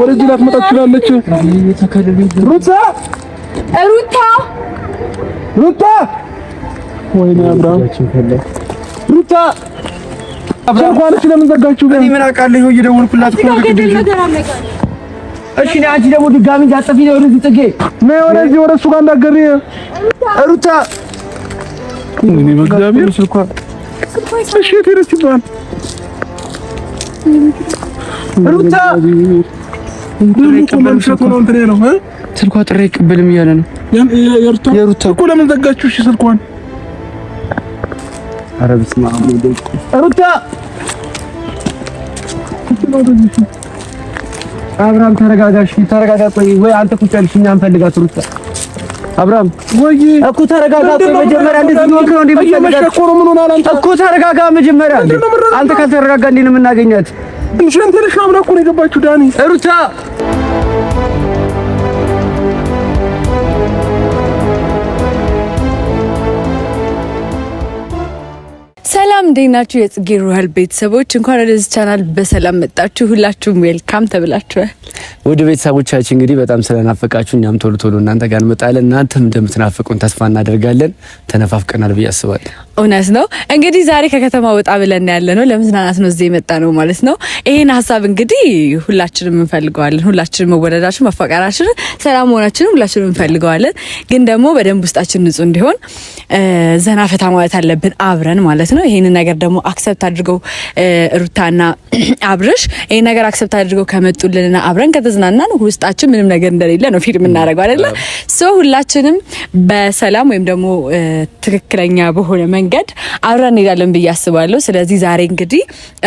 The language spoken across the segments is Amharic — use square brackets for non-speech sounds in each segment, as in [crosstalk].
ወደዚህ ላትመጣ ትችላለች። ሩታ ሩታ ሩታ ወይኔ አብርሃም ሩታ ስልኳንስ ለምን ዘጋችሁ? እኔ ምን አውቃለሁ? እየደወልኩላት እኮ እሺ ነይ አንቺ ደግሞ ድጋሚ እንዳትጠፊ ነው። ወደዚህ ፅጌ ነይ፣ ወደዚህ ወደ እሱ ጋር እንዳትገሪ ሩታ። ወይኔ በእግዚአብሔር ስልኳ እሺ፣ የት ሄደች ይባል ሩታ ስልኳ ጥሬ ቅብልም እያለ ነው። የሩታ እኮ ለምን ዘጋችሁ? እሺ ስልኳን ኧረ በስመ አብ ሩታ አብርሃም ተረጋጋሽ፣ ተረጋጋ። ቆይ ወይ አንተ ቁጭ ያልሽ እኛ እንፈልጋት ሩታ። አብርሃም ወይ እኮ ተረጋጋ። መጀመሪያ እንደዚህ ነው ነው እንደዚህ መሸኮሩ ምን ሆነ? አንተ እኮ ተረጋጋ መጀመሪያ። አንተ ካልተረጋጋ እንዴት ነው የምናገኛት? እንሽን ተረጋጋ። አብራ እኮ ነው የገባችሁ ዳኒ ሩታ ሰላም እንዴት ናችሁ? የጽጌ ሮያል ቤተሰቦች እንኳን ወደዚህ ቻናል በሰላም መጣችሁ። ሁላችሁም ዌልካም ተብላችኋል። ወደ ቤተሰቦቻችን እንግዲህ በጣም ስለናፈቃችሁ እኛም ቶሎ ቶሎ እናንተ ጋር እንመጣለን። እናንተም እንደምትናፍቁን ተስፋ እናደርጋለን። ተነፋፍቀናል ብዬ አስባለሁ። እውነት ነው። እንግዲህ ዛሬ ከከተማ ወጣ ብለን ያለ ነው፣ ለመዝናናት ነው እዚህ የመጣ ነው ማለት ነው። ይሄን ሀሳብ እንግዲህ ሁላችንም እንፈልገዋለን። ሁላችንም መወደዳችን፣ መፋቀራችን፣ ሰላም መሆናችንም ሁላችንም እንፈልገዋለን። ግን ደግሞ በደንብ ውስጣችን ንጹህ እንዲሆን ዘና ፈታ ማለት አለብን አብረን ማለት ነው ነው። ይሄንን ነገር ደግሞ አክሰፕት አድርገው ሩታና [clears throat] አብርሽ ይሄን ነገር አክሰፕት አድርገው ከመጡልንና አብረን ከተዝናናን ውስጣችን ምንም ነገር እንደሌለ ነው ፊልም እናደርገው አይደለ? ሶ ሁላችንም በሰላም ወይም ደግሞ ትክክለኛ በሆነ መንገድ አብረን እንሄዳለን ብዬ አስባለሁ። ስለዚህ ዛሬ እንግዲህ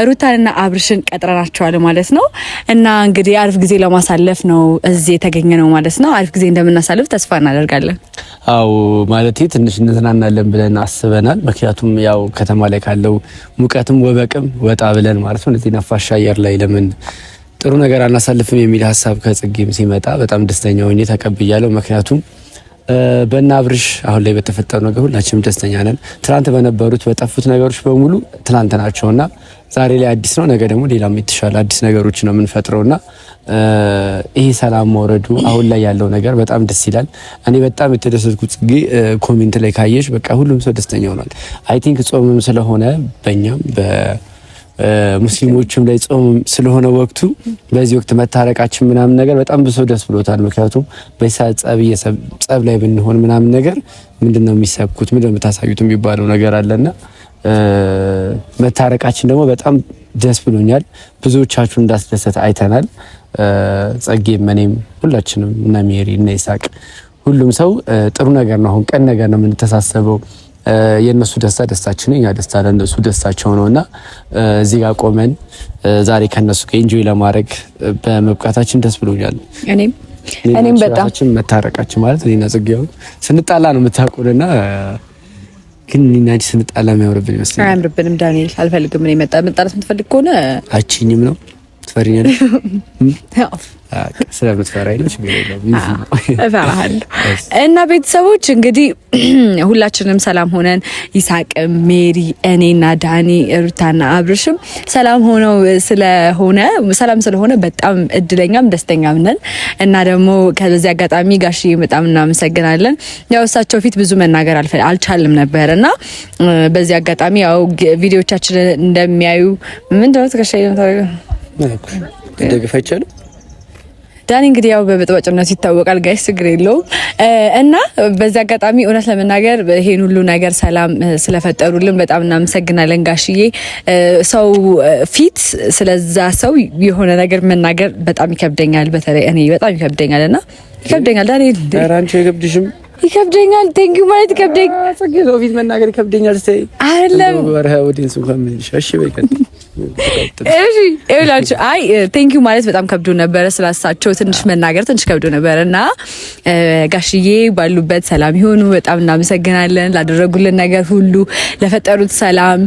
ሩታንና አብርሽን ቀጥረናቸዋል ማለት ነው እና እንግዲህ አሪፍ ጊዜ ለማሳለፍ ነው እዚህ የተገኘ ነው ማለት ነው። አሪፍ ጊዜ እንደምናሳልፍ ተስፋ እናደርጋለን። አዎ ማለት ትንሽ እንዝናናለን ብለን አስበናል። ምክንያቱም ያው ከተማ ላይ ካለው ሙቀትም ወበቅም ወጣ ብለን ማለት ነው እዚህ ነፋሻ አየር ላይ ለምን ጥሩ ነገር አናሳልፍም የሚል ሀሳብ ከጽጌም ሲመጣ በጣም ደስተኛ ሆኜ ተቀብያለሁ። ምክንያቱም በእና አብርሽ አሁን ላይ በተፈጠሩ ነገር ሁላችንም ደስተኛ ነን። ትናንት በነበሩት በጠፉት ነገሮች በሙሉ ትናንት ናቸውና ዛሬ ላይ አዲስ ነው፣ ነገ ደግሞ ሌላም የተሻለ አዲስ ነገሮች ነው የምንፈጥረው እና ይሄ ሰላም መውረዱ አሁን ላይ ያለው ነገር በጣም ደስ ይላል። እኔ በጣም የተደሰትኩት ጽጌ ኮሜንት ላይ ካየሽ በቃ ሁሉም ሰው ደስተኛ ሆኗል። አይ ቲንክ ጾምም ስለሆነ በእኛም በሙስሊሞችም ላይ ጾም ስለሆነ ወቅቱ በዚህ ወቅት መታረቃችን ምናምን ነገር በጣም ብዙ ሰው ደስ ብሎታል። ምክንያቱም በሰዓት ጸብ ላይ ብንሆን ምናምን ነገር ምንድን ነው የሚሰብኩት ምንድን ነው የምታሳዩት የሚባለው ነገር አለና መታረቃችን ደግሞ በጣም ደስ ብሎኛል። ብዙዎቻችሁ እንዳስደሰት አይተናል። ጸጌ መኔም ሁላችንም እነ ሜሪ እነ ይሳቅ ሁሉም ሰው ጥሩ ነገር ነው። አሁን ቀን ነገር ነው የምንተሳሰበው። የእነሱ ደስታ ደስታችን፣ እኛ ደስታ ለእነሱ ደስታቸው ነው እና እዚህ ጋር ቆመን ዛሬ ከእነሱ ጋር ኢንጆይ ለማድረግ በመብቃታችን ደስ ብሎኛል። እኔም እኔም በጣም መታረቃችን ማለት እኔና ጽጌ ስንጣላ ነው የምታውቁልና ግን ናዲ ስንጣላ የሚያምርብን ይመስለኛል። አያምርብንም። ዳንኤል አልፈልግም። ምን የመጣ መጣላት የምትፈልግ ከሆነ አችኝም ነው [laughs] እና ቤተሰቦች እንግዲህ [clears throat] ሁላችንም ሰላም ሆነን ይሳቅም፣ ሜሪ፣ እኔና ዳኒ፣ ሩታና አብርሽም ሰላም ሆነው ስለሆነ ሰላም ስለሆነ በጣም እድለኛም ደስተኛም ነን። እና ደግሞ ከዚህ አጋጣሚ ጋሽ በጣም እናመሰግናለን። ያው እሳቸው ፊት ብዙ መናገር አልቻልም ነበር እና በዚህ አጋጣሚ ያው ቪዲዮቻችንን እንደሚያዩ ምንድነው ትከሻ መደገፍ አይቻልም። ዳኒ እንግዲህ ያው በበጥባጭነቱ ይታወቃል። ጋይስ ችግር የለውም እና በዚህ አጋጣሚ እውነት ለመናገር ይሄን ሁሉ ነገር ሰላም ስለፈጠሩልን በጣም እናመሰግናለን ጋሽዬ። ሰው ፊት ስለዛ ሰው የሆነ ነገር መናገር በጣም ይከብደኛል። በተለይ እኔ በጣም ይከብደኛል እና ይከብደኛል። ዳኒ ራንቺ አይከብድሽም? ይከብደኛል። ቴንክ ማለት ይከብደኛል። ሰው ፊት መናገር ይከብደኛል። ስታይ አይደለም ወዲንስ እንኳን ምን ይሻሽ በይቀጥ እሺ ይኸውላችሁ፣ አይ ቴንኪዩ ማለት በጣም ከብዶ ነበረ። ስላሳቸው ትንሽ መናገር ትንሽ ከብዶ ነበረ እና ጋሽዬ ባሉበት ሰላም ይሆኑ። በጣም እናመሰግናለን ላደረጉልን ነገር ሁሉ፣ ለፈጠሩት ሰላም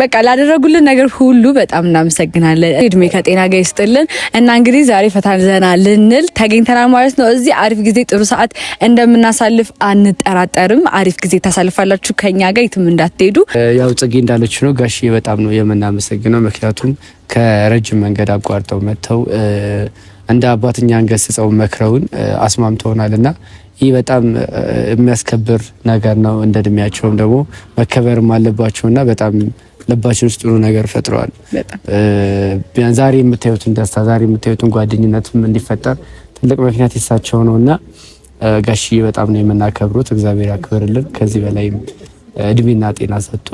በቃ ላደረጉልን ነገር ሁሉ በጣም እናመሰግናለን። እድሜ ከጤና ጋር ይስጥልን እና እንግዲህ ዛሬ ፈታ ዘና ልንል ተገኝተናል ማለት ነው። እዚህ አሪፍ ጊዜ ጥሩ ሰዓት እንደምናሳልፍ አንጠራጠርም። አሪፍ ጊዜ ታሳልፋላችሁ ከኛ ጋር የትም እንዳትሄዱ። ያው ጽጌ እንዳለች ነው ጋሽ በጣም ነው የምናመሰግነው። ምክንያቱም ከረጅም መንገድ አቋርጠው መጥተው እንደ አባትኛ አንገስጸው መክረውን አስማምተውናል እና ይህ በጣም የሚያስከብር ነገር ነው። እንደ እድሜያቸውም ደግሞ መከበርም አለባቸው እና በጣም ልባችን ውስጥ ጥሩ ነገር ፈጥረዋል። ዛሬ የምታዩትን ደስታ፣ ዛሬ የምታዩትን ጓደኝነትም እንዲፈጠር ትልቅ ምክንያት የሳቸው ነው እና ጋሽዬ በጣም ነው የምናከብሩት። እግዚአብሔር ያክብርልን ከዚህ በላይም እድሜና ጤና ሰጥቶ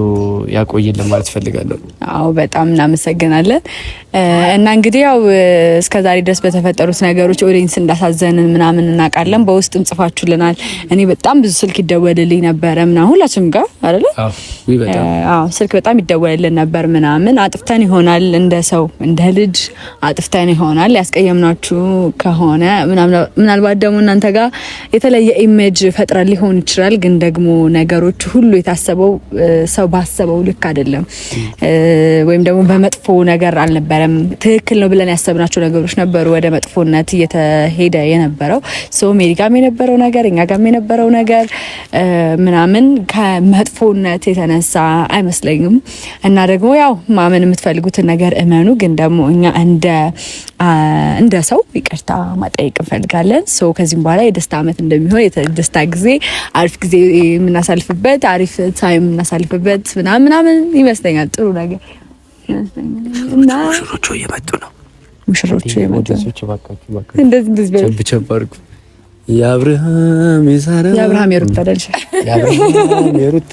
ያቆየን ለማለት ፈልጋለሁ። አዎ በጣም እናመሰግናለን። እና እንግዲህ ያው ዛሬ ድረስ በተፈጠሩት ነገሮች ኦዲንስ እንዳሳዘንን ምናምን እናውቃለን። በውስጥም ጽፋችሁልናል። እኔ በጣም ብዙ ስልክ ይደወልልኝ ነበረ ምና ሁላችሁም ጋር አይደለ? አዎ ስልክ በጣም ይደወልልን ነበር ምናምን። አጥፍተን ይሆናል እንደ ሰው እንደ ልጅ አጥፍተን ይሆናል ያስቀየምናችሁ ከሆነ ምናልባት ደግሞ እናንተ ጋር የተለየ ኢሜጅ ፈጥረን ሊሆን ይችላል። ግን ደግሞ ነገሮች ሁሉ የሚታሰበው ሰው ባሰበው ልክ አይደለም፣ ወይም ደግሞ በመጥፎ ነገር አልነበረም። ትክክል ነው ብለን ያሰብናቸው ነገሮች ነበሩ ወደ መጥፎነት እየተሄደ የነበረው ሰው ሜዲጋም የነበረው ነገር እኛ ጋም የነበረው ነገር ምናምን ከመጥፎነት የተነሳ አይመስለኝም። እና ደግሞ ያው ማመን የምትፈልጉትን ነገር እመኑ። ግን ደግሞ እኛ እንደ እንደ ሰው ይቅርታ ማጠየቅ እንፈልጋለን። ከዚህም በኋላ የደስታ ዓመት እንደሚሆን የደስታ ጊዜ አሪፍ ጊዜ የምናሳልፍበት አሪፍ ታይም እናሳልፍበት ምናምን ምናምን ይመስለኛል። ጥሩ ነገር ሙሽሮቹ እየመጡ ነው። ሙሽሮቹ እየመጡ የአብርሃም የሳራ የአብርሃም የሩታ ደልሻ የአብርሃም የሩታ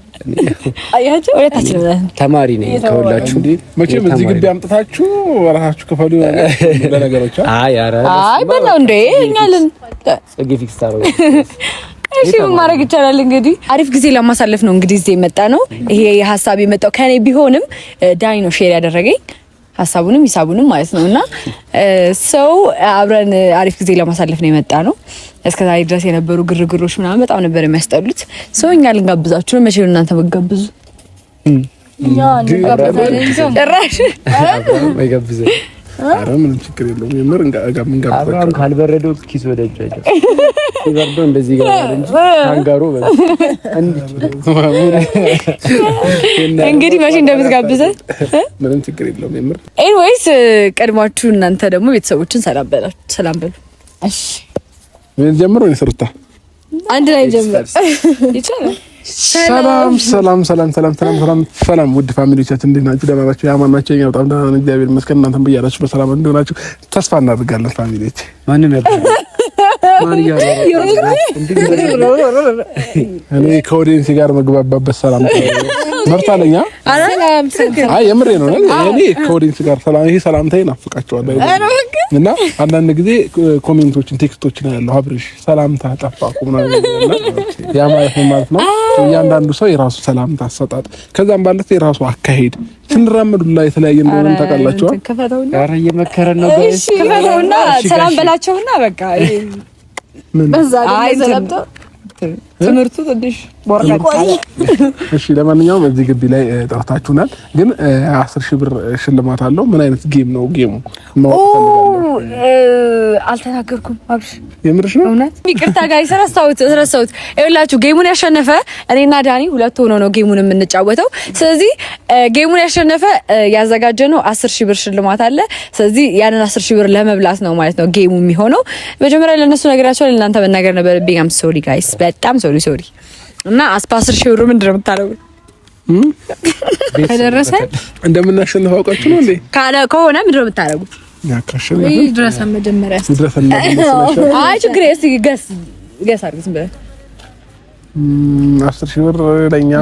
ተማሪ ነኝ ከሁላችሁ። መቼም እዚህ ግቢ አምጥታችሁ ራሳችሁ ክፈሉ። ለነገሮች አይ እኛልን ጽጌ ፊክስ ታረው ማድረግ ይቻላል። እንግዲህ አሪፍ ጊዜ ለማሳለፍ ነው እንግዲህ እዚህ የመጣ ነው። ይሄ ሀሳብ የመጣው ከኔ ቢሆንም ዳኒ ነው ሼር ያደረገኝ ሀሳቡንም ሂሳቡንም ማለት ነው እና ሰው አብረን አሪፍ ጊዜ ለማሳለፍ ነው የመጣ ነው። እስከዛሬ ድረስ የነበሩ ግርግሮች ምናምን በጣም ነበር የሚያስጠሉት። ሰው እኛ ልንጋብዛችሁ ነው። መቼ ነው እናንተ መጋብዙ? ጭራሽ አረ ምንም ችግር የለውም። የምር አብርሃም ካልበረደው ኪስ ወደ እጁ አይደለም ሲበርደው እንደዚህ ይገባል እንጂ አንጋሮ እንግዲህ መቼ እንደምትጋብዘን ምንም ችግር የለውም። የምር ኤንዌይስ ቀድማችሁ እናንተ ደግሞ ቤተሰቦችን ሰላም በላችሁ፣ ሰላም በሉ። እሺ ምን ጀምሮ ነው ሰርታ አንድ ላይ ጀምሮ ይቻላል ሰላም ሰላም ሰላም ሰላም ሰላም ሰላም ሰላም ውድ ፋሚሊዎቻችን እንዴት ናችሁ? ደህና ናችሁ? ያማን ናቸው። እኛ በጣም ደህና ነን፣ እግዚአብሔር ይመስገን። እናንተም ብያላችሁ በሰላም እንደሆናችሁ ተስፋ እናደርጋለን ፋሚሊዎች ማንም እኔ ከወዲንሲ ጋር መግባባበት ሰላም መርታለኛ። አይ የምሬ ነው። እኔ ከወዲንሲ ጋር ሰላም ይሄ ሰላምታ ይናፍቃቸዋል እና አንዳንድ ጊዜ ኮሜንቶችን፣ ቴክስቶችን ያለው አብርሽ ሰላምታ ጠፋ እኮ ምናምን ያ ማለት ማለት ነው። እያንዳንዱ ሰው የራሱ ሰላምታ አሰጣጥ ከዛም ባለፈ የራሱ አካሄድ ስንራመዱ ላይ የተለያየ እንደሆነ ታውቃላችሁ። እየመከረን ነው። ሰላም በላቸውና በቃ ምን ትምህርቱ ትንሽ ቦርዳ እሺ፣ ለማንኛውም እዚህ ግቢ ላይ ጠርታችሁናል፣ ግን አስር ሺህ ብር ሽልማት አለው። ምን አይነት ጌም ነው ጌሙ? አልተናገርኩም። አብሽ የምርሽ ነው? እውነት ይቅርታ ጋር ረሳሁት ረሳሁት። ይኸውላችሁ ጌሙን ያሸነፈ እኔና ዳኒ ሁለት ሆኖ ነው ጌሙን የምንጫወተው። ስለዚህ ጌሙን ያሸነፈ ያዘጋጀ ነው አስር ሺህ ብር ሽልማት አለ። ስለዚህ ያንን አስር ሺህ ብር ለመብላት ነው ማለት ነው ጌሙ የሚሆነው። መጀመሪያ ለእነሱ ነገራቸው ለእናንተ መናገር ነበረብኝ። አም ሶሪ ጋይስ፣ በጣም ሶሪ ሶሪ ሶሪ። እና አስፓስር ሺህ ብር ምንድን ነው የምታደርገው? ከደረሰ እንደምናሸንፍ አውቃችሁ ነው እንዴ? ካለ ከሆነ ምንድን ነው የምታደርገው? ይድረሰን መጀመሪያ። አስር ሺህ ብር ለኛ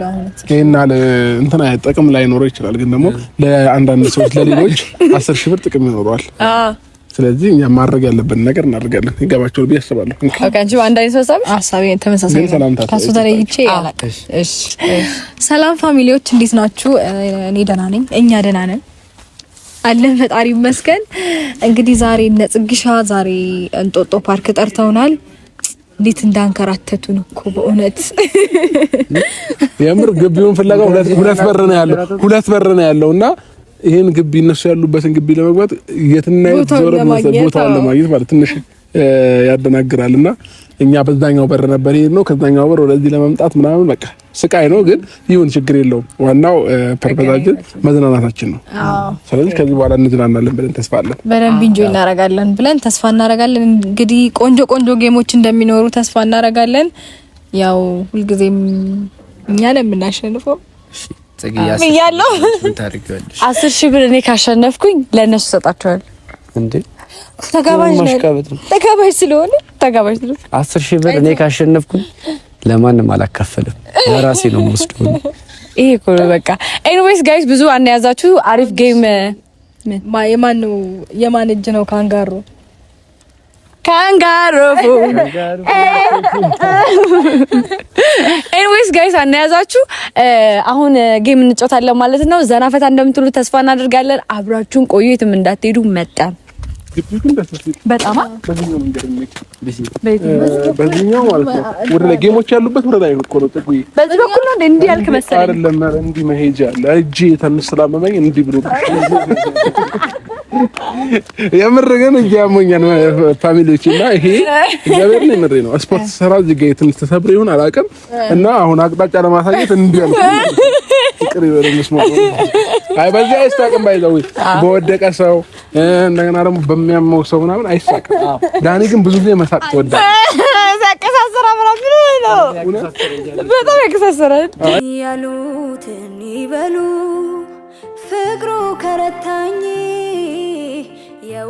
አለ ጥቅም ላይኖረው ይችላል፣ ግን ደግሞ ለአንዳንድ ሰዎች ለሌሎች አስር ሺህ ብር ጥቅም ይኖረዋል። ስለዚህ እኛ ማድረግ ያለብን ነገር እናደርጋለን። ይገባቸዋል ብዬ አስባለሁ። ሰላም ፋሚሊዎች እንዴት ናችሁ? እኔ ደህና ነኝ፣ እኛ ደህና ነን አለን ፈጣሪ ይመስገን። እንግዲህ ዛሬ እነ ጽግሻ ዛሬ እንጦጦ ፓርክ ጠርተውናል። እንዴት እንዳንከራተቱን እኮ በእውነት የምር ግቢውን ፍለጋ ሁለት በር ነው ያለው ሁለት በር ነው ያለውና ይሄን ግቢ እነሱ ያሉበትን ግቢ ለመግባት የትና የት ዞረ ቦታውን ለማግኘት ማለት ትንሽ ያደናግራልና እኛ በዛኛው በር ነበር ነው ከዛኛው በር ወደዚህ ለመምጣት ምናምን በቃ ስቃይ ነው፣ ግን ይሁን ችግር የለውም። ዋናው ፐርፐዛችን መዝናናታችን ነው። ስለዚህ ከዚህ በኋላ እንዝናናለን ብለን ተስፋ አለን፣ በደንብ እንጆ እናረጋለን ብለን ተስፋ እናረጋለን። እንግዲህ ቆንጆ ቆንጆ ጌሞች እንደሚኖሩ ተስፋ እናረጋለን። ያው ሁልጊዜም እኛ ነን የምናሸንፈው። ብያለሁ። አስር ሺህ ብር እኔ ካሸነፍኩኝ ለእነሱ ሰጣቸዋል። እንዴ ተጋባዥ ስለሆነ ተጋባዥ ስለሆነ አስር ሺህ ብር እኔ ካሸነፍኩኝ ለማንም አላካፈልም፣ ለራሴ ነው የምወስደው። ይሄ እኮ ነው በቃ። ኤኒዌይስ ጋይስ ብዙ አናያዛችሁ። አሪፍ ጌም። የማን እጅ ነው ካንጋሮ ካንጋሮፉ ኤንዌይስ ጋይስ አናያዛችሁ። አሁን ጌም እንጫወታለን ማለት ነው። ዘናፈታ እንደምትሉ ተስፋ እናደርጋለን። አብራችሁን ቆዩ፣ የትም እንዳትሄዱ። መጣ በጣም በዚህ ነው። የምር ግን እጅ ፋሚሊዎች እና ይሄ እግዚአብሔር ነው። የምሬ ነው። ስፖርት ሰራ እዚህ ጋር ትንሽ ተሰብሬ ይሁን አላውቅም። እና አሁን አቅጣጫ ለማሳየት እንዲያል ፍቅር ይበለንስ ነው። አይ በዚህ አይሳቅም። ባይዘው በወደቀ ሰው እንደገና ደግሞ በሚያመው ሰው ምናምን አይሳቅም። ዳኒ ግን ብዙ ጊዜ መሳቅ ትወዳለህ። በጣም ያከሳሰራል ያሉትን ይበሉ ፍቅሩ ከረታኝ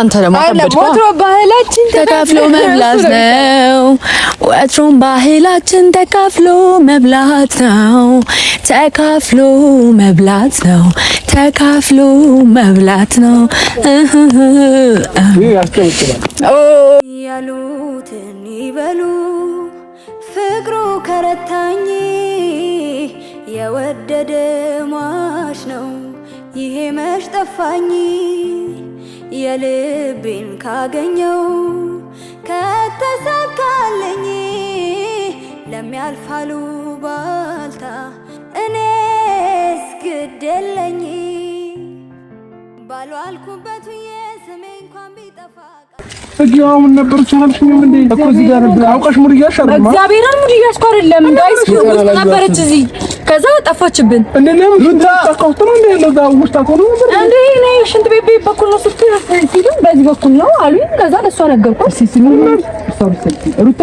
አንተ ደግሞ ባህላችን ተካፍሎ መብላት ነው። ወትሮም ባህላችን ተካፍሎ መብላት ነው። ተካፍሎ መብላት ነው። ተካፍሎ መብላት ነው ያሉትን ይበሉ ፍቅሩ ከረታኝ የወደደ ሟች ነው ይሄ መች ጠፋኝ የልቤን ካገኘው ከተሳካለኝ ለሚያልፋሉ ባልታ እኔስ ግድ የለኝ ባሏልኩ እዚህ ምን ነበር ቻልሽኝ እንዴ? እኮ እዚህ ጋር ነበር አውቃሽ። ሙድ እያሻለ እግዚአብሔርን ሙድ እያስኩ አይደለም ጋይስ፣ ውስጥ ነበረች እዚህ፣ ከዛ ጠፋችብን። እንዴ ሩታ ተቆጥቶ እንደ ለዛ ውስጥ አቆሎ እንዴ እኔ ሽንት ቤት ቤት በኩል ነው ስትይ ሲሉ በዚህ በኩል ነው አሉኝ። ከዛ ለሷ ነገርኩ። ሲሲ ሩታ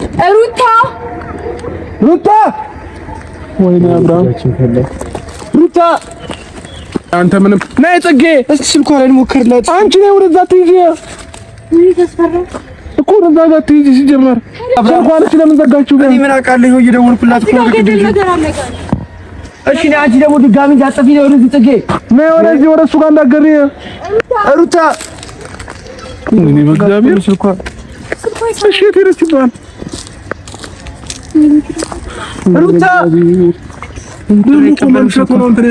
ሩታ ሩታ ወይኔ አብራም ሩታ አንተ ምንም ነይ ፅጌ እስቲ ስልኳ ላይ ሞከርላት አንቺ ነይ ወደዛ ትይጂ እኮ ወደዛ ጋር ትይጂ ሲጀመር ስልኳን ለምን ዘጋችሁ እኔ ምን አውቃለሁ እየደወልኩላት እኮ እሺ ነይ አንቺ ደግሞ ድጋሚ እንዳጠፊ ነው ወደዚህ ፅጌ ነይ ወደዚህ ወደ እሱ ጋር እንዳትገሪ ሩታ እኔ በእግዚአብሔር ስልኳ እሺ ትይረስ ይባል ሩታ መምሸቱ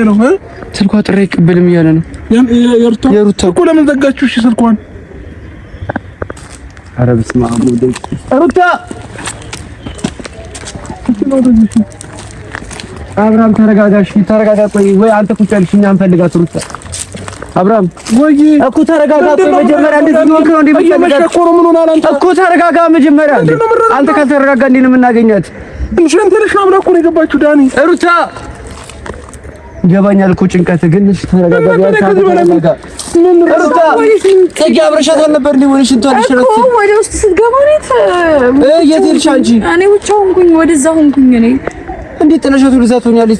ነው ስልኳ ጥሪ አይቀበልም እያለ ነው። የሩታ እኮ ለምን ዘጋችሁ? እሺ ስልኳን ኧረ በስመ አብ ሩታ አብራም ተረጋጋሽ፣ ተረጋጋ። ቆይ ወይ አንተ ቁጭ ያልሽ እኛ እንፈልጋት ሩታ አብርሃም ወይ እኮ ተረጋጋ። መጀመሪያ እንደዚህ ነው ከሆነ እንደዚህ ነው ምን ሆነ አንተ እኮ ተረጋጋ። መጀመሪያ አንተ ካልተረጋጋ እንዴት ነው የምናገኛት? እንሽን ትንሽ እኮ ነው የገባችሁ። ዳኒ ሩታ ይገባኛል እኮ ጭንቀት፣ ግን እሺ ተረጋጋ። ሩታ ፅጌ ነው የት? እንዴት ጥለሽቱ ልዛት ሆኛለች?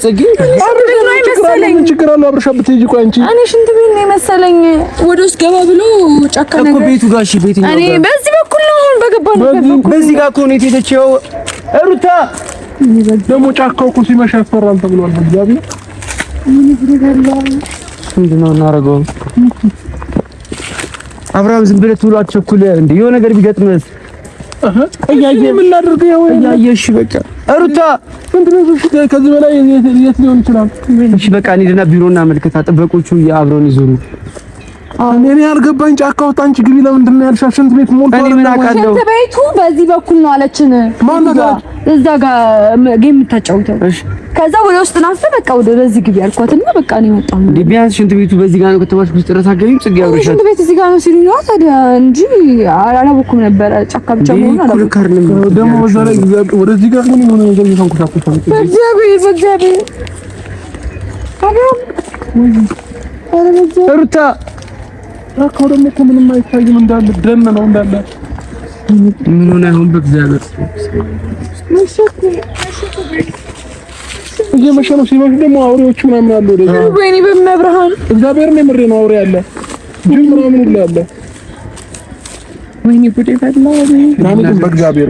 ችግር አለ አብረሻ ብትሄጂ። ቆይ አንቺ እኔ ሽንት ቤት ነው መሰለኝ ወደ ውስጥ ገባ ብሎ ጫካ ነገር ቤቱ ጋር እሺ፣ ቤት እኔ በዚህ በኩል ነው አሁን በገባ ነው በዚህ ጋር እኮ ነው የተሄደችው። ሩታ ደግሞ ጫካው እኮ ሲመሽ ያስፈራል ተብሏል። ያቢ ምንድን ነው እናደርገው? አብርሃም ዝም ብለህ ትውሏት ቸኩል እንደ የሆነ ነገር ቢገጥምህ እያየህ የምናደርገው እያየህ እሺ በቃ ሩታ ከዚህ በላይ የት ሊሆን ይችላል? እሺ በቃ እንሂድና ቢሮና መልከታ ጥበቆቹ አብረውን ይዞሩ እኔ ያልገባኝ ጫካ ወጣ፣ አንቺ ግቢ ለምንድን ነው ያልሻት? ሽንት ቤት ሞልቷል። ሽንት ቤቱ በዚህ በኩል ነው አለችን። እዛ ጋር ጌም የምታጫውተው ከዛ ወደ ውስጥ ናት። በቃ ወደ በዚህ ግቢ አልኳት እና በቃ ነው የወጣው። ቢያንስ ሽንት ቤቱ በዚህ ጋር ነው ከተባልኩ ውስጥ ድረስ አገቢም ጽጌ አብረሻት ሽንት ቤት እዚህ ጋር ነው ሲሉኝ ነው ታዲያ እንጂ አላወኩም ነበረ። ጫካ ብቻ መሆኑ አላወኩም። ደግሞ በዛ ላይ ወደዚህ ጋር ግን የሆነ ነገር እየተንኮታኮተ ነው። በእግዚአብሔር በእግዚአብሔር ታዲያ ሩታ ጫካው ደግሞ እኮ ምንም አይታይም፣ እንዳለ ደን ነው እንዳለ። ምን ሆነ አሁን? በእግዚአብሔር እየመሸ ነው። ሲመሽ ደግሞ አውሬዎቹ ምናምን አሉ ወደ ወይኔ፣ በመብርሃን እግዚአብሔር ነው። ምሬ ነው አውሬ አለ፣ ጅብ ምናምን ሁሉ አለ። ወይኔ ጉዴ ፈላ። ምናምን በእግዚአብሔር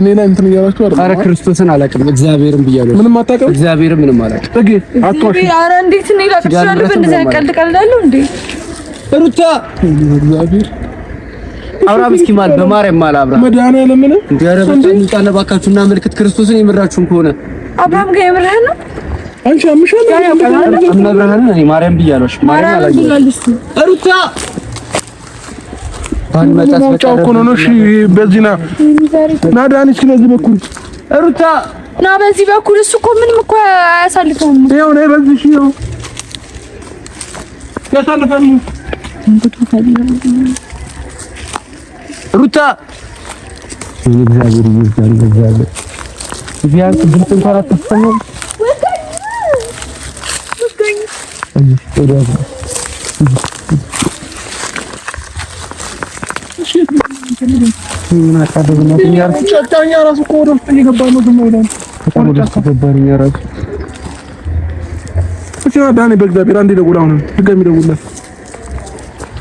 እኔ ላይ እንትን እያላችሁ አይደል? አረ ክርስቶስን አላውቅም፣ እግዚአብሔርን ብያለሁ። ምንም አታውቅም፣ እግዚአብሔርን ምንም አላውቅም። እግዚአብሔር አትዋሽ። ኧረ እንዴት እኔ ላቅሻለሁ? በእንደዚህ አይነት ቀልድ ቀልዳለሁ እንዴ? ሩታ እግዚአብሔር አብርሃም እስኪ ማል በማርያም ማል አብርሃም መድኃኒዓለም ለምን እንዴ? ኧረ በጣም ጣለ ባካችሁ እና መልክት ክርስቶስን የምራችሁን ከሆነ አብርሃም ጋር የምርህን ነው። አንቺ አምሻለሁ አምናብርሃን እኔ ማርያም ብያለሽ። ማርያም አላየሽ ሩታ ባንመጣስ በቃ እኮ ነው። እሺ በዚህ ና ዳኒ፣ እስኪ በዚህ በኩል ሩታ ና በዚህ በኩል። እሱ እኮ ምንም እኮ አያሳልፈውም። ይኸው ነይ በዚህ እሺ፣ ይኸው ያሳልፈን ሩታ እግዚአብሔር ይመስገን። እግዚአብሔር ቢያንስ ድምፅ እንኳን አታሰማም። ምን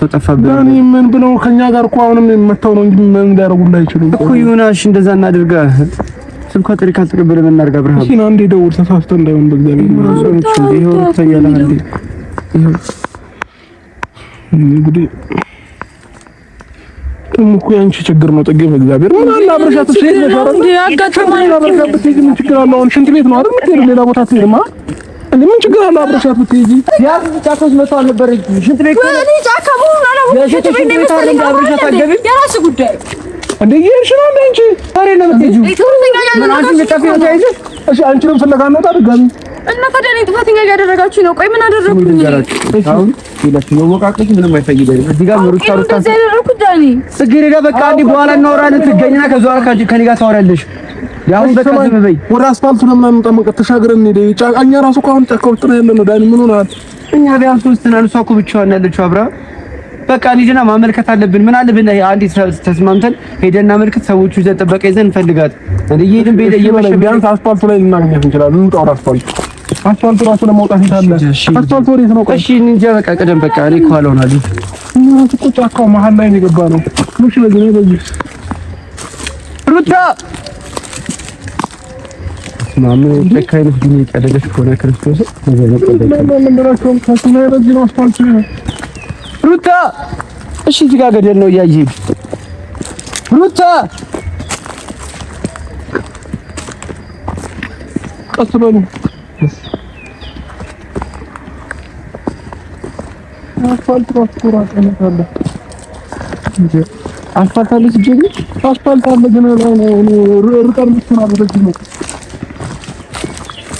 ሰው ጠፋብህ። እኔ ምን ብለው ከኛ ጋር እኮ አሁንም የመታው ነው እንጂ ምን እንዳደረጉልህ አይችሉም እኮ ዮናስ። እንደዛ እናድርጋ ስልኳ ጥሪ ካልተቀበለ ምን እናድርጋ? ብርሃን ሲና አንዴ ደውል፣ ተሳስተህ እንዳይሆን በእግዚአብሔር እንግዲህ ደግሞ እኮ የአንቺ ችግር ነው ጥጌ። በእግዚአብሔር ምን አለ አብረሻት ነሽ ነበር እንዴ? አጋጥሞ ነው። ምን ችግር አለው? ሽንት ቤት ነው አይደል? ሌላ ቦታ ትሄድማ እኔ ምን ችግር አለው አብረሻት ብትሄጂ? ያ ጫካስ መቶ አልነበረ ሽንት ቤት እኔ ጫካ ሙሉ ነው። ሽንት ቤት ነው አብረሻት አደብ የራስ ጉዳይ እንደ ይሄሽ ነው እንጂ ታሬ ነው የምትሄጂው። አንቺ ነው ፍለጋ ነው ታድጋሚ እና ታዲያ እኔን ጥፋተኛ እያደረጋችሁ ነው። ቆይ ምን አደረኩኝ? አደረግኩኝ? ምንም አይፈይደኝ። እዚህ ጋር በቃ በኋላ እናወራለን። ትገኝና ከኔ ጋር ታወራለሽ። ያሁን በቃ ዝም በይ። ወደ አስፋልቱ ተሻግረን እኛ ራሱ እኮ አሁን ጫካ ውስጥ ነው ያለነው። ዳኒ ምን ሆነሃል? እኛ ቢያንስ ሶስት ነን። እሷ እኮ ብቻዋን ያለችው አብራ በቃ እንሂድና ማመልከት አለብን። ምን አለብን? አንዴ ተስማምተን ሄደና መልከት ሰዎቹ ዘ ጥበቃ ይዘን እንፈልጋት። እየሄድን ቢያንስ አስፋልቱ ላይ ልናገኛት እንችላለን። እንውጣ። አስፋልቱ አስፋልቱ ራሱ ለመውጣት ይታለ አስፋልቱ ወዴት ነው? እሺ እንጃ። በቃ ቅደም። በቃ እኔ ኳል ሆናሉ። እኮ ጫካው መሀል ላይ ነው የገባ ነው። ምሽ ለዚህ ነው በዚህ ሩታ ማም ለካይነት ዲኒ ቀደደሽ ከሆነ ክርስቶስ ነው ነው ነው ነው ነው ነው ነው ነው ነው ነው ነው ሩታ እሺ፣ እዚህ ጋር ገደል ነው እያየህ ሩታ፣ ቀስ በሉ አስፋልት አስፋልት አለ፣ ሩቀን ነው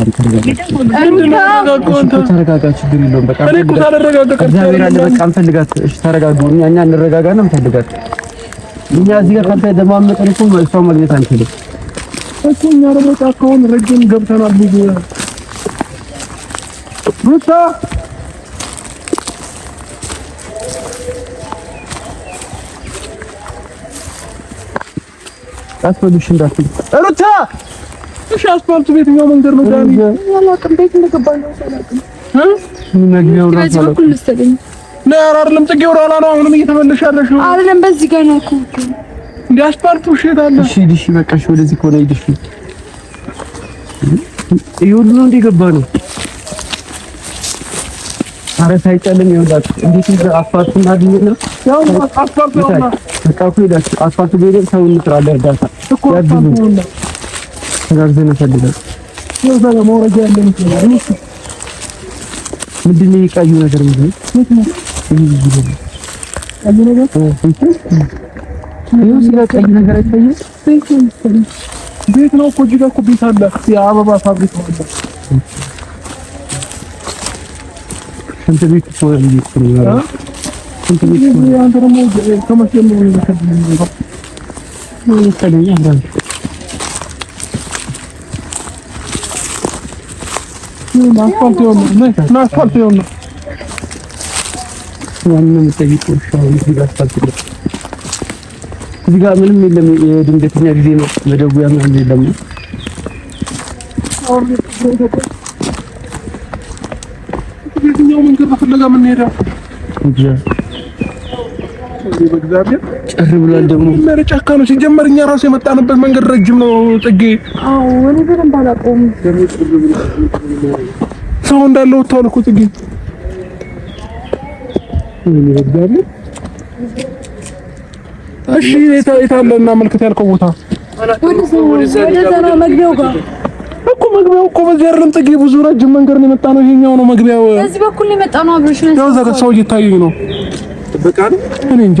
አለ እኛ እዚህ ጋር ካልተደማመጥን እኮ እሷ ማግኘት አንችልም እኮ። እኛ ደግሞ ጫካውን ረጅም ገብተናል። ልጅ ሩታ አስፈልሽ እንዳትል ሩታ እሺ፣ አስፋልቱ ቤትኛው መንገድ ነው? ዳኒ አላውቅም፣ ቤት እንደገባ ነው አላውቅም። ነው ራሱ አይደለም፣ ጥጌው ነው። አሁንም እየተመለሽ ያለሽ ነው አይደለም? በዚህ ጋር ነው እኮ እንደ አስፋልቱ። እሺ፣ ሄዳለ። እሺ፣ እሺ፣ በቃ ወደዚህ ከሆነ ሂድሽ። ይሄ ነው እንደገባ ነው። ኧረ ሳይጨልም ይኸውላችሁ፣ እንዴት ይዘ አስፋልቱ እናገኘና ያው አስፋልቱ ነው። በቃ እኮ ሄዳችሁ አስፋልቱ ቤት ሰው እንጥራለን፣ እርዳታ እኮ ተጋግዘን እንፈልጋለን። መውረጃ ያለ ምንድን ነው? ቀዩ ነገር ቤት ነው እኮ እዚህ ጋር እኮ ቤት አለ። የአበባ ፋብሪካ አለ። ስንት ቤት እኮ ነው Nasıl yolunu? Ne? Nasıl yolunu? Annemse gitmiş şu an biraz tatlı. እዚህ ጋር ምንም የለም። የድንገተኛ ጊዜ ነው መደቡ ያምናል የለም። የትኛው መንገድ ፍለጋ ምን ሄዳ እንጂ በእግዚአብሔር ጭር ብሏል። ደግሞ መረ ጫካ ነው ሲጀመር። እኛ ራሱ የመጣንበት መንገድ ረጅም ነው ጽጌ። አዎ እኔ ግን ባላቆም ሰው እንዳለ ወጥቷል እኮ ጽጌ። እሺ የት አለ እና ያልከው ቦታ መግቢያው ጋር እኮ መግቢያው እኮ በዚህ አይደለም ጽጌ። ብዙ ረጅም መንገድ ነው የመጣ ነው። ይሄኛው ነው መግቢያው። በዚህ በኩል ነው የመጣ ነው። አብረሽ ነው ሰው እየታየኝ ነው። በቃ እኔ እንጃ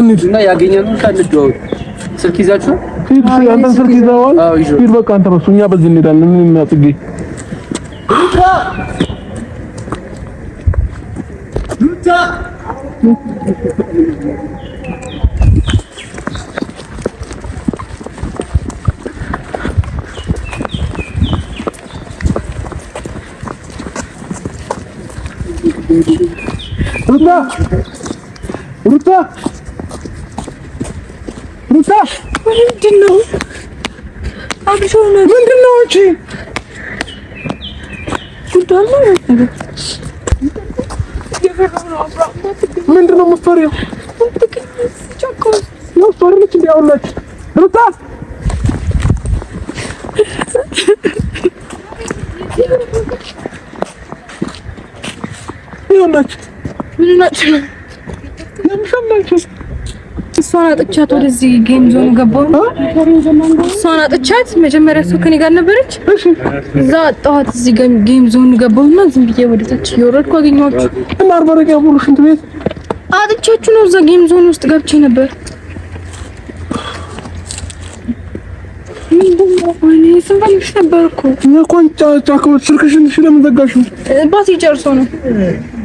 እና ያገኘነው ሳለ ደውል ስልክ ይዛችሁ ስልክ አንተን ስልክ ይዘዋል። ቢር በቃ አንተ በሱ እኛ በዚህ እንሄዳለን። ምን እናጽጌ ሩታ ሩታ ሩታ ምንድን ነው? አብሾ ምንድን ነው? እቺ ምንድን ነው የምትፈሪው? ሪች እንዲያውላች ሩታ ይሆናችሁ ምን ናችሁ? እሷን አጥቻት ወደዚህ ጌም ዞኑ ገባሁ። እሷን አጥቻት መጀመሪያ እሷ ከኔ ጋር ነበረች። እዛ አጣኋት። እዚህ ጌም ዞኑ ገባሁና ዝም ብዬ ወደ ታች እየወረድኩ አገኘኋችሁ። ማርበረቂያ ሙሉ ሽንት ቤት አጥቻችሁ ነው። እዛ ጌም ዞን ውስጥ ገብቼ ነበር። ስንፈልግሽ ነበር እኮ ስልክሽን ለምን ዘጋሽው? ባትሪ ጨርሶ ነው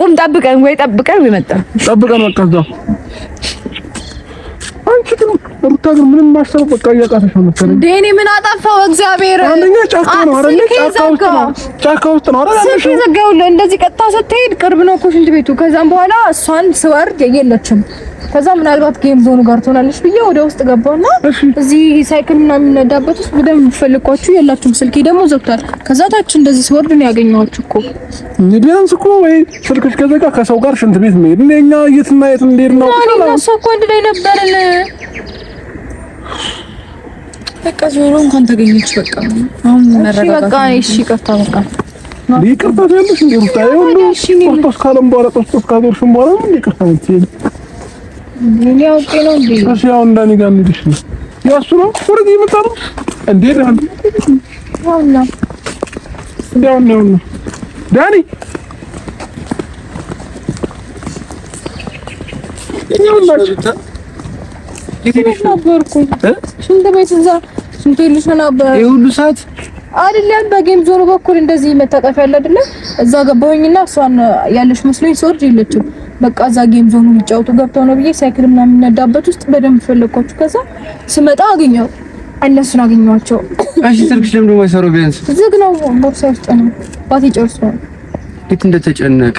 ቁም ጠብቀን ወይ ጠብቀን ወይ መጣ ጠብቀን በቃ እዛ አንቺ ግን ሩታግር ምንም ማሰብ በቃ እያቃተሽ ነው መሰለኝ። እኔ ምን አጠፋው? እግዚአብሔር አንደኛ ጫካ ነው አረ ጫካ ውስጥ ነው አይደል? ስልክ ዘጋውልህ። እንደዚህ ቀጥታ ስትሄድ ቅርብ ነው እኮ ሽንት ቤቱ። ከዛም በኋላ እሷን ስወርድ የለችም ከዛ ምናልባት ጌም ዞኑ ጋር ትሆናለች ብዬ ወደ ውስጥ ገባውና እዚህ ሳይክል ምናምን የምነዳበት ውስጥ በደንብ ፈልጓችሁ የላችሁም። ስልኬ ደግሞ ዘግቷል። ከዛ ታች እንደዚህ ሲወርድ ነው ያገኘኋችሁ እኮ ቢያንስ እኮ ወይ ስልክሽ ከዘጋ ከሰው ጋር ሽንት ቤት መሄድ እኛ የትና የት እንደሄድ ነው እሱ እኮ አንድ ላይ ነበርን። በቃ ዞሮ እንኳን ተገኘች። በቃ አሁን መረጋጋት በቃ እሺ፣ ይቅርታ በቃ ይቅርታ ትያለሽ እንዴ? ታየው ነው ጦስ ካለም በኋላ ጦስ ካገርሽም በኋላ ይቅርታ ትያለሽ ሁሉ ሰዓት አይደለም በጌም ዞኑ በኩል እንደዚህ መታቀፍ ያለ አይደለ? እዛ ገባሁኝና እሷን ያለሽ መስሎኝ ሶርጅ የለችም። በቃ እዛ ጌም ዞኑ የሚጫወቱ ገብተው ነው ብዬ ሳይክል ምናምን የሚነዳበት ውስጥ በደንብ ፈለኳችሁ። ከዛ ስመጣ አገኘው እነሱን አገኘኋቸው። እሺ ስልክሽ ለምን ደሞ አይሰራው? ቢያንስ ዝግ ነው ቦርሳ ውስጥ ነው ባት ይጨርሱ ነው ልክ እንደተጨነቀ